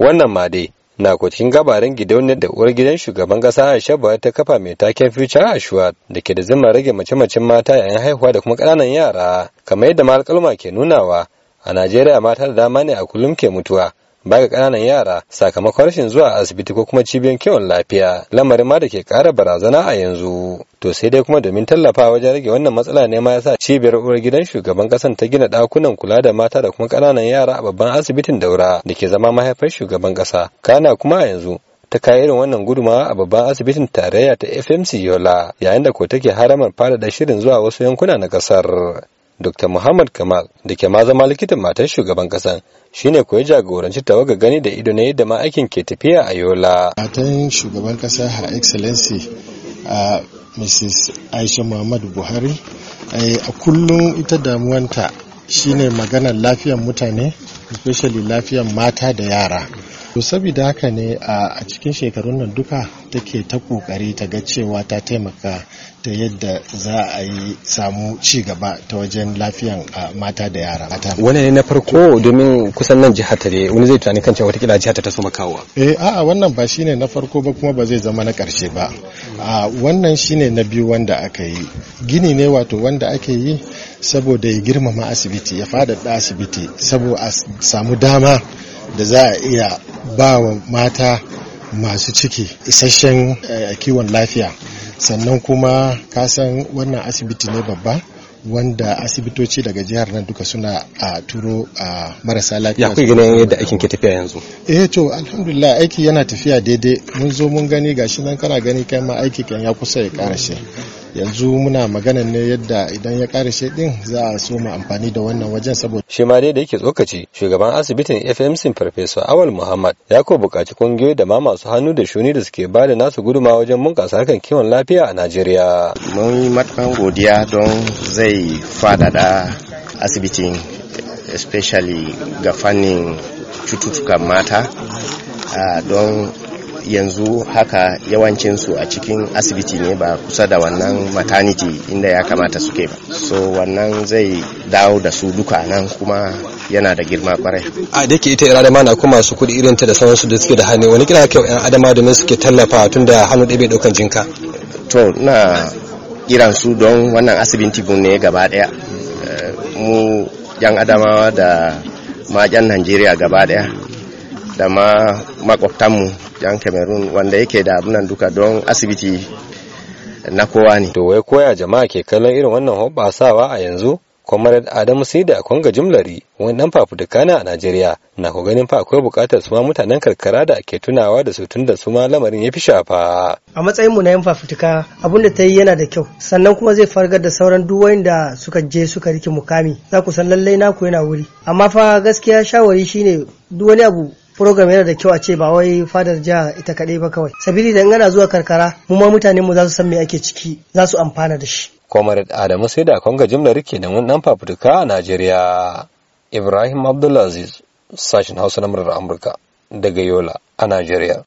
wannan ma dai na ko cikin gabarin gidauniyar da uwar gidan shugaban kasa Aisha ba ta kafa mai taken Future Assured da ke da zama rage mace-macen mata yayin haihuwa da kuma ƙananan yara kamar yadda ma alƙaluma ke nunawa a Najeriya mata da dama ne a kullum ke mutuwa Ba ga ƙananan yara sakamakon rashin zuwa asibiti ko kuma cibiyar kiwon lafiya lamarin ma da ke ƙara barazana a yanzu to sai dai kuma domin tallafa wajen rage wannan matsala ne ma sa cibiyar uwar gidan shugaban ƙasan ta gina ɗakunan kula da mata da kuma ƙananan yara a babban asibitin daura da ke zama mahaifar shugaban ƙasa kana kuma a yanzu ta kai irin wannan gudumawa a babban asibitin tarayya ta fmc yola yayin da ko take haramar fadada shirin zuwa wasu yankuna na ƙasar Dr. Muhammad Kamal da ke ma zama likitan matan shugaban kasan shine ne ya jagoranci tawaga gani da ido na yadda ma aikin ke tafiya a Yola. Matan shugaban kasa Her Excellency uh, Mrs. Aisha Muhammadu Buhari eh, a kullum ita damuwanta shine maganar lafiyar mutane especially lafiyar mata da yara. To saboda haka ne a cikin shekarun nan duka take ta kokari ta ga cewa ta taimaka ta yadda za a yi samu ci gaba ta wajen lafiyan mata da yara mata wannan ne na farko oh, domin kusan nan jihar ta ne wani zai tunani kan cewa watakila jihar ta so makawa eh a'a wannan ba shine na farko ba kuma ba zai zama na karshe ba a wannan shine na biyu wanda aka yi gini ne wato wanda ake yi saboda ya girmama asibiti ya faɗaɗa asibiti saboda a samu dama da za a iya ba wa mata masu ciki isasshen eh, kiwon lafiya sannan kuma kasan wannan asibiti ne babba wanda asibitoci daga jihar nan duka suna a turo a marasa lafiya ya kai gina yadda aikin ke tafiya yanzu eh to alhamdulillah aiki yana tafiya daidai mun zo mun gani gashi nan kana gani kai ma aiki kan ya kusa ya karashe yanzu muna maganan ne yadda idan ya kare shi din za a so mu amfani da wannan wajen saboda shi ma dai da yake tsokaci shugaban asibitin FMC Farfesa Awal Muhammad ya ko bukaci kungiyoyi da ma masu hannu da shuni da suke bada nasu guduma wajen bunƙasa harkan kiwon lafiya a Najeriya mun yi matakan godiya don zai fadada asibitin especially ga fannin cututtukan mata ah, don yanzu haka yawancinsu a cikin asibiti ne ba kusa da wannan maternity inda ya kamata suke ba so wannan zai dawo da su duka nan kuma yana da girma kwarai a da ita yan adama na kuma su kudi irin ta da sauransu da suke da hannu wani kira kyau yan adama domin suke tallafa tun da hannu ɗaya bai ɗaukan jinka to na kiran su don wannan asibiti ne gaba ɗaya eh, mu yan adama da ma najeriya gaba ɗaya da ma makwabtanmu yan cameroon wanda yake da munan duka don asibiti na kowa ne to wai koya jama'a ke kallon irin wannan hoɓɓasawa a yanzu Comrade Adamu da a Kwanga Jumlari, wani dan fafutuka na a Najeriya, na ku ganin fa akwai bukatar su ma mutanen karkara da ke tunawa da su tun da su ma lamarin ya fi shafa. A matsayin mu na yan fafutuka, abin da ta yi yana da kyau, sannan kuma zai fargar da sauran duk da suka je suka rike mukami. Za ku san lallai naku yana wuri. Amma fa gaskiya shawari shine duk wani abu program yana da kyau a ce ba wai fadar jihar ita kaɗai ba kawai sabili da ana zuwa karkara mu ma mutane mu za su san me ake ciki za su amfana da shi comrade adamu sai da kwanga jimlar rike da mun fafutuka a najeriya ibrahim abdulaziz sashen hausa na murar amurka daga yola a najeriya